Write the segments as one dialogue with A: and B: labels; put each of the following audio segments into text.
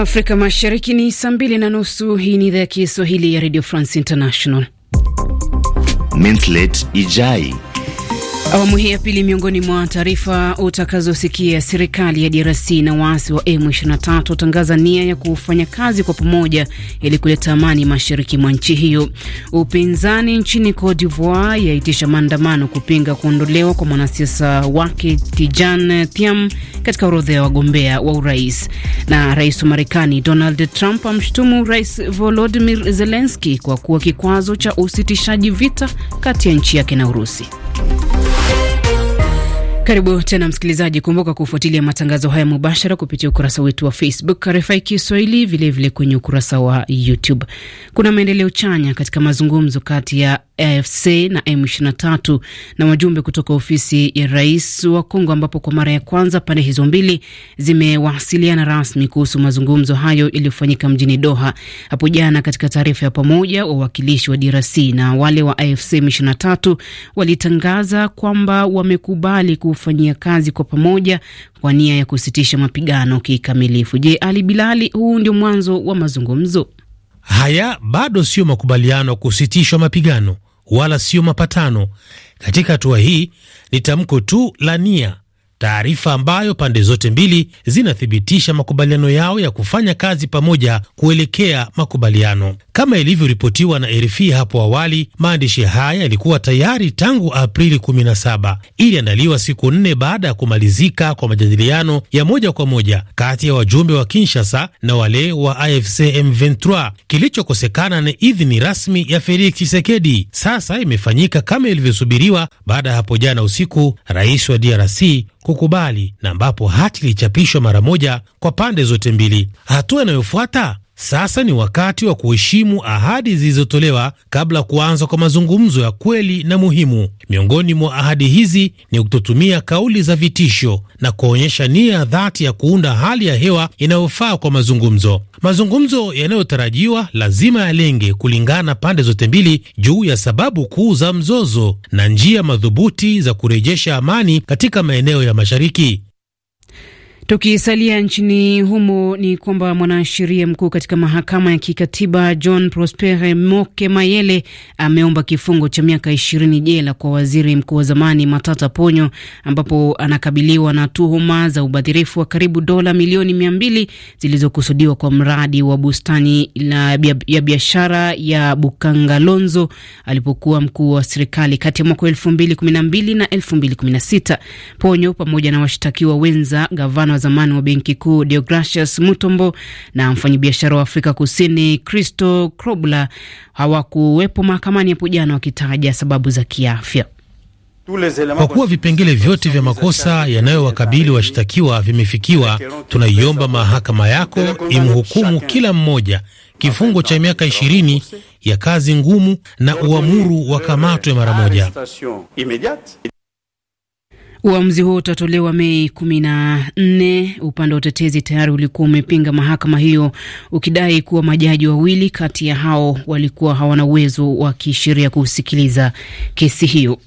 A: Afrika Mashariki ni saa mbili na nusu. Hii ni idhaa ya Kiswahili ya Radio France International.
B: Mintlet Ijai
A: Awamu hii ya pili, miongoni mwa taarifa utakazosikia: serikali ya DRC na waasi wa M23 watangaza nia ya kufanya kazi kwa pamoja ili kuleta amani mashariki mwa nchi hiyo. Upinzani nchini Cote d'Ivoire yaitisha maandamano kupinga kuondolewa kwa mwanasiasa wake Tijan Thiam katika orodha ya wagombea wa urais. Na rais wa Marekani Donald Trump amshutumu Rais Volodimir Zelenski kwa kuwa kikwazo cha usitishaji vita kati ya nchi yake na Urusi. Karibu tena msikilizaji, kumbuka kufuatilia matangazo haya mubashara kupitia ukurasa wetu wa Facebook RFI Kiswahili, vilevile kwenye ukurasa wa YouTube. Kuna maendeleo chanya katika mazungumzo kati ya AFC na M23 na wajumbe kutoka ofisi ya rais wa Kongo, ambapo kwa mara ya kwanza pande hizo mbili zimewasiliana rasmi kuhusu mazungumzo hayo yaliyofanyika mjini Doha hapo jana. Katika taarifa ya pamoja, wawakilishi wa DRC na wale wa AFC M23 walitangaza kwamba wamekubali kufanyia kazi kwa pamoja kwa nia ya kusitisha mapigano kikamilifu. Je, Ali Bilali, huu ndio mwanzo wa mazungumzo haya? Bado sio makubaliano
C: ya kusitishwa mapigano wala sio mapatano. Katika hatua hii ni tamko tu la nia, taarifa ambayo pande zote mbili zinathibitisha makubaliano yao ya kufanya kazi pamoja kuelekea makubaliano. Kama ilivyoripotiwa na RFI hapo awali, maandishi haya yalikuwa tayari tangu Aprili 17. Iliandaliwa siku nne baada ya kumalizika kwa majadiliano ya moja kwa moja kati ya wajumbe wa Kinshasa na wale wa AFC M23. Kilichokosekana ni idhini rasmi ya Felix Tshisekedi. Sasa imefanyika kama ilivyosubiriwa baada ya hapo jana usiku rais wa DRC kukubali na ambapo hati ilichapishwa mara moja kwa pande zote mbili. Hatua inayofuata sasa ni wakati wa kuheshimu ahadi zilizotolewa kabla ya kuanza kwa mazungumzo ya kweli na muhimu. Miongoni mwa ahadi hizi ni kutotumia kauli za vitisho na kuonyesha nia ya dhati ya kuunda hali ya hewa inayofaa kwa mazungumzo. Mazungumzo yanayotarajiwa lazima yalenge kulingana pande zote mbili juu ya sababu kuu za mzozo na njia madhubuti za kurejesha amani katika maeneo ya mashariki.
A: Tukisalia nchini humo ni kwamba mwanasheria mkuu katika mahakama ya kikatiba John prosper Moke Mayele ameomba kifungo cha miaka ishirini jela kwa waziri mkuu wa zamani Matata Ponyo, ambapo anakabiliwa na tuhuma za ubadhirifu wa karibu dola milioni mia mbili zilizokusudiwa kwa mradi wa bustani la ya biashara ya Bukangalonzo alipokuwa mkuu wa serikali kati ya mwaka elfu mbili kumi na mbili na elfu mbili kumi na sita. Ponyo pamoja na washtakiwa wenza gavana wa zamani wa benki kuu Deogratius Mutombo na mfanyabiashara wa Afrika Kusini Christo Krobler hawakuwepo mahakamani hapo jana wakitaja sababu za kiafya. Kwa kuwa vipengele
C: vyote vya makosa yanayowakabili washtakiwa vimefikiwa, tunaiomba mahakama yako imhukumu kila mmoja kifungo cha miaka ishirini ya kazi ngumu na uamuru wakamatwe mara moja.
A: Uamuzi huo utatolewa Mei kumi na nne. Upande wa utetezi tayari ulikuwa umepinga mahakama hiyo ukidai kuwa majaji wawili kati ya hao walikuwa hawana uwezo wa kisheria kusikiliza kesi hiyo.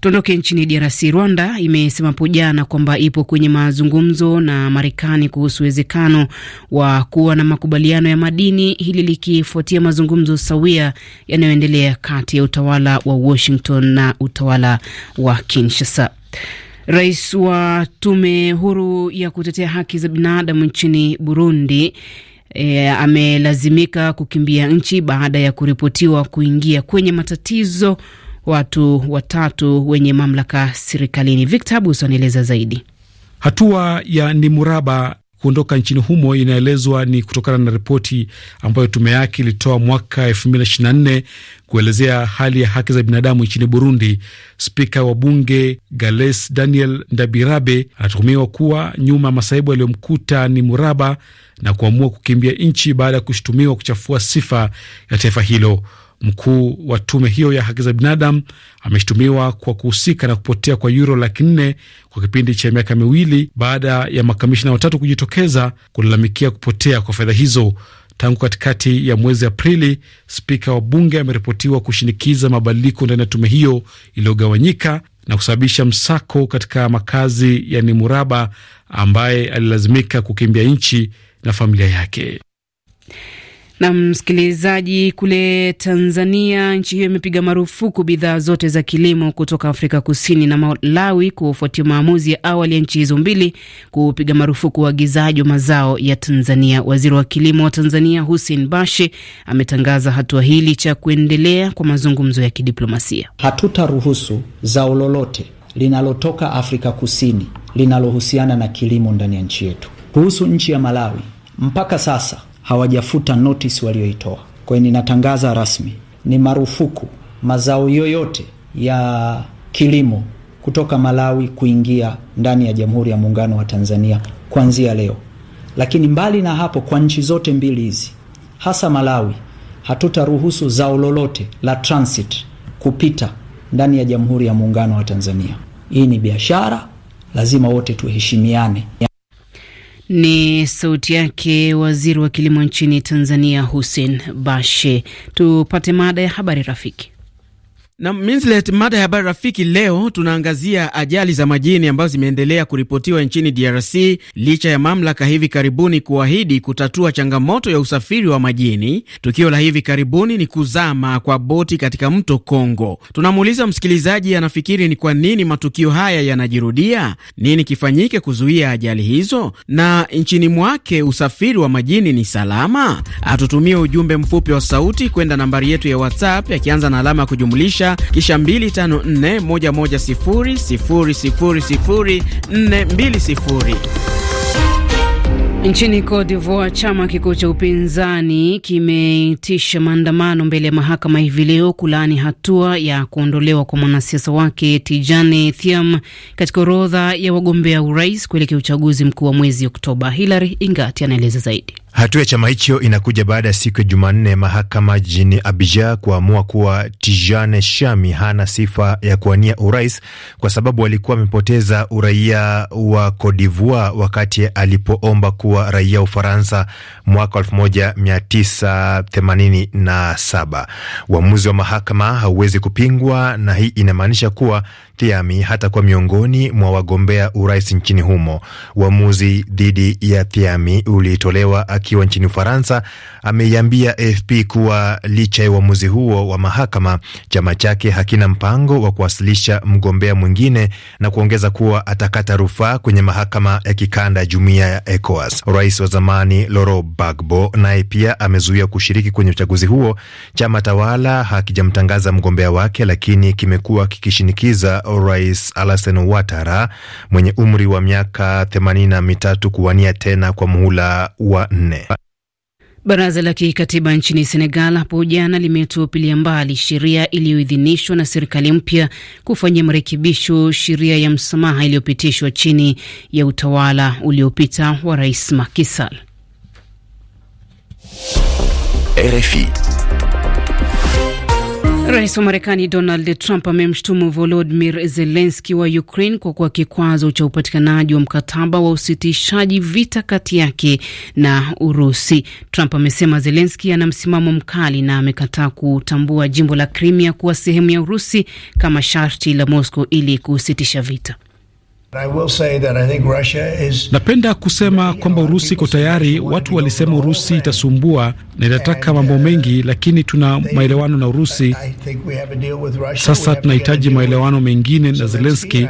A: Tuondoke nchini DRC. Rwanda imesema hapo jana kwamba ipo kwenye mazungumzo na Marekani kuhusu uwezekano wa kuwa na makubaliano ya madini, hili likifuatia mazungumzo sawia yanayoendelea kati ya utawala wa Washington na utawala wa Kinshasa. Rais wa tume huru ya kutetea haki za binadamu nchini Burundi E, amelazimika kukimbia nchi baada ya kuripotiwa kuingia kwenye matatizo watu watatu wenye mamlaka serikalini. Victor Abuso anaeleza zaidi.
D: Hatua ya Nimuraba kuondoka nchini humo inaelezwa ni kutokana na ripoti ambayo tume yake ilitoa mwaka 2024 kuelezea hali ya haki za binadamu nchini Burundi. Spika wa bunge Gales Daniel Ndabirabe anatuhumiwa kuwa nyuma ya masaibu yaliyomkuta ni muraba na kuamua kukimbia nchi baada ya kushutumiwa kuchafua sifa ya taifa hilo. Mkuu wa tume hiyo ya haki za binadamu ameshutumiwa kwa kuhusika na kupotea kwa yuro laki nne kwa kipindi cha miaka miwili baada ya makamishina watatu kujitokeza kulalamikia kupotea kwa fedha hizo. Tangu katikati ya mwezi Aprili, spika wa bunge ameripotiwa kushinikiza mabadiliko ndani ya tume hiyo iliyogawanyika na kusababisha msako katika makazi ya Nimuraba ambaye alilazimika kukimbia nchi na familia yake.
A: Na msikilizaji, kule Tanzania, nchi hiyo imepiga marufuku bidhaa zote za kilimo kutoka Afrika Kusini na Malawi kufuatia maamuzi ya awali ya nchi hizo mbili kupiga marufuku uagizaji wa mazao ya Tanzania. Waziri wa kilimo wa Tanzania Hussein Bashe ametangaza hatua hili cha kuendelea kwa mazungumzo ya kidiplomasia.
D: Hatutaruhusu zao lolote
A: linalotoka
D: Afrika Kusini linalohusiana na kilimo ndani ya nchi yetu. Kuhusu nchi ya Malawi, mpaka sasa hawajafuta notice walioitoa. Kwa hiyo ninatangaza rasmi, ni marufuku mazao yoyote ya kilimo kutoka Malawi kuingia ndani ya Jamhuri ya Muungano wa Tanzania kuanzia leo. Lakini mbali na hapo, kwa nchi zote mbili hizi, hasa Malawi, hatutaruhusu zao lolote la transit kupita ndani ya Jamhuri ya Muungano wa Tanzania. Hii ni biashara, lazima wote tuheshimiane.
A: Ni sauti yake waziri wa kilimo nchini Tanzania, Hussein Bashe. Tupate mada ya habari rafiki
D: na Minslet, mada ya habari rafiki leo tunaangazia ajali za majini ambazo zimeendelea kuripotiwa nchini DRC licha ya mamlaka hivi karibuni kuahidi kutatua changamoto ya usafiri wa majini. Tukio la hivi karibuni ni kuzama kwa boti katika mto Kongo. Tunamuuliza msikilizaji anafikiri ni kwa nini matukio haya yanajirudia, nini kifanyike kuzuia ajali hizo, na nchini mwake usafiri wa majini ni salama? Atutumie ujumbe mfupi wa sauti kwenda nambari yetu ya WhatsApp yakianza na alama ya kujumlisha jumlisha kisha 254110000420.
A: Nchini Cote d'Ivoire, chama kikuu cha upinzani kimeitisha maandamano mbele ya mahakama hivi leo kulaani hatua ya kuondolewa kwa mwanasiasa wake Tijane Thiam katika orodha ya wagombea urais kuelekea uchaguzi mkuu wa mwezi Oktoba. Hilary Ingati anaeleza zaidi.
B: Hatua ya chama hicho inakuja baada ya siku ya Jumanne mahakama jijini abija kuamua kuwa Tijane Shami hana sifa ya kuwania urais kwa sababu alikuwa amepoteza uraia wa Cote d'Ivoire wakati alipoomba kuwa raia wa Ufaransa mwaka 1987. Uamuzi wa mahakama hauwezi kupingwa, na hii inamaanisha kuwa Thiami hatakuwa miongoni mwa wagombea urais nchini humo. Uamuzi dhidi ya Thiami ulitolewa akiwa nchini Ufaransa. Ameiambia AFP kuwa licha ya uamuzi huo wa mahakama, chama chake hakina mpango wa kuwasilisha mgombea mwingine, na kuongeza kuwa atakata rufaa kwenye mahakama ya kikanda ya jumuiya ya ECOWAS. Rais wa zamani Laurent Gbagbo naye pia amezuia kushiriki kwenye uchaguzi huo. Chama tawala hakijamtangaza mgombea wake, lakini kimekuwa kikishinikiza Rais Alassen Ouattara mwenye umri wa miaka themanini na mitatu kuwania tena kwa muhula wa nne.
A: Baraza la kikatiba nchini Senegal hapo jana limetupilia mbali sheria iliyoidhinishwa na serikali mpya kufanyia marekebisho sheria ya msamaha iliyopitishwa chini ya utawala uliopita wa Rais Macky Sall. RFI Rais wa Marekani Donald Trump amemshutumu Volodimir Zelenski wa Ukraine kwa kuwa kikwazo cha upatikanaji wa mkataba wa usitishaji vita kati yake na Urusi. Trump amesema Zelenski ana msimamo mkali na amekataa kutambua jimbo la krimia kuwa sehemu ya Urusi kama sharti la Moscow ili kusitisha vita.
D: Napenda kusema kwamba Urusi iko tayari. Watu walisema Urusi itasumbua na inataka mambo uh, mengi, lakini tuna maelewano na Urusi. Sasa tunahitaji maelewano mengine na Zelenski.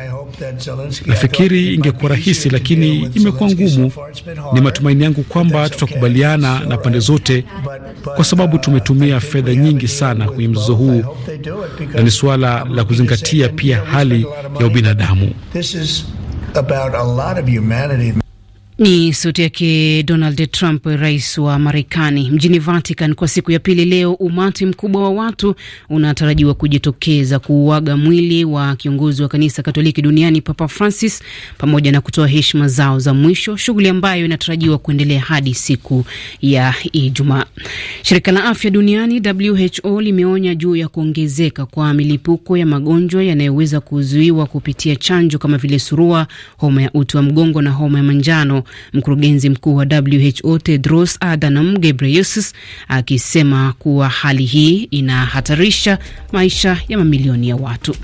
D: Nafikiri ingekuwa rahisi, lakini imekuwa ngumu. Ni matumaini yangu kwamba tutakubaliana na pande zote, kwa sababu tumetumia fedha nyingi sana kwenye mzozo huu, na ni suala la kuzingatia pia hali ya ubinadamu.
A: Ni sauti yake Donald Trump, rais wa Marekani. Mjini Vatican kwa siku ya pili leo, umati mkubwa wa watu unatarajiwa kujitokeza kuuaga mwili wa kiongozi wa kanisa Katoliki duniani Papa Francis, pamoja na kutoa heshima zao za mwisho, shughuli ambayo inatarajiwa kuendelea hadi siku ya Ijumaa. Shirika la afya duniani WHO limeonya juu ya kuongezeka kwa milipuko ya magonjwa yanayoweza kuzuiwa kupitia chanjo kama vile surua, homa ya uti wa mgongo na homa ya manjano mkurugenzi mkuu wa WHO Tedros Adhanom Ghebreyesus akisema kuwa hali hii inahatarisha maisha ya mamilioni ya watu.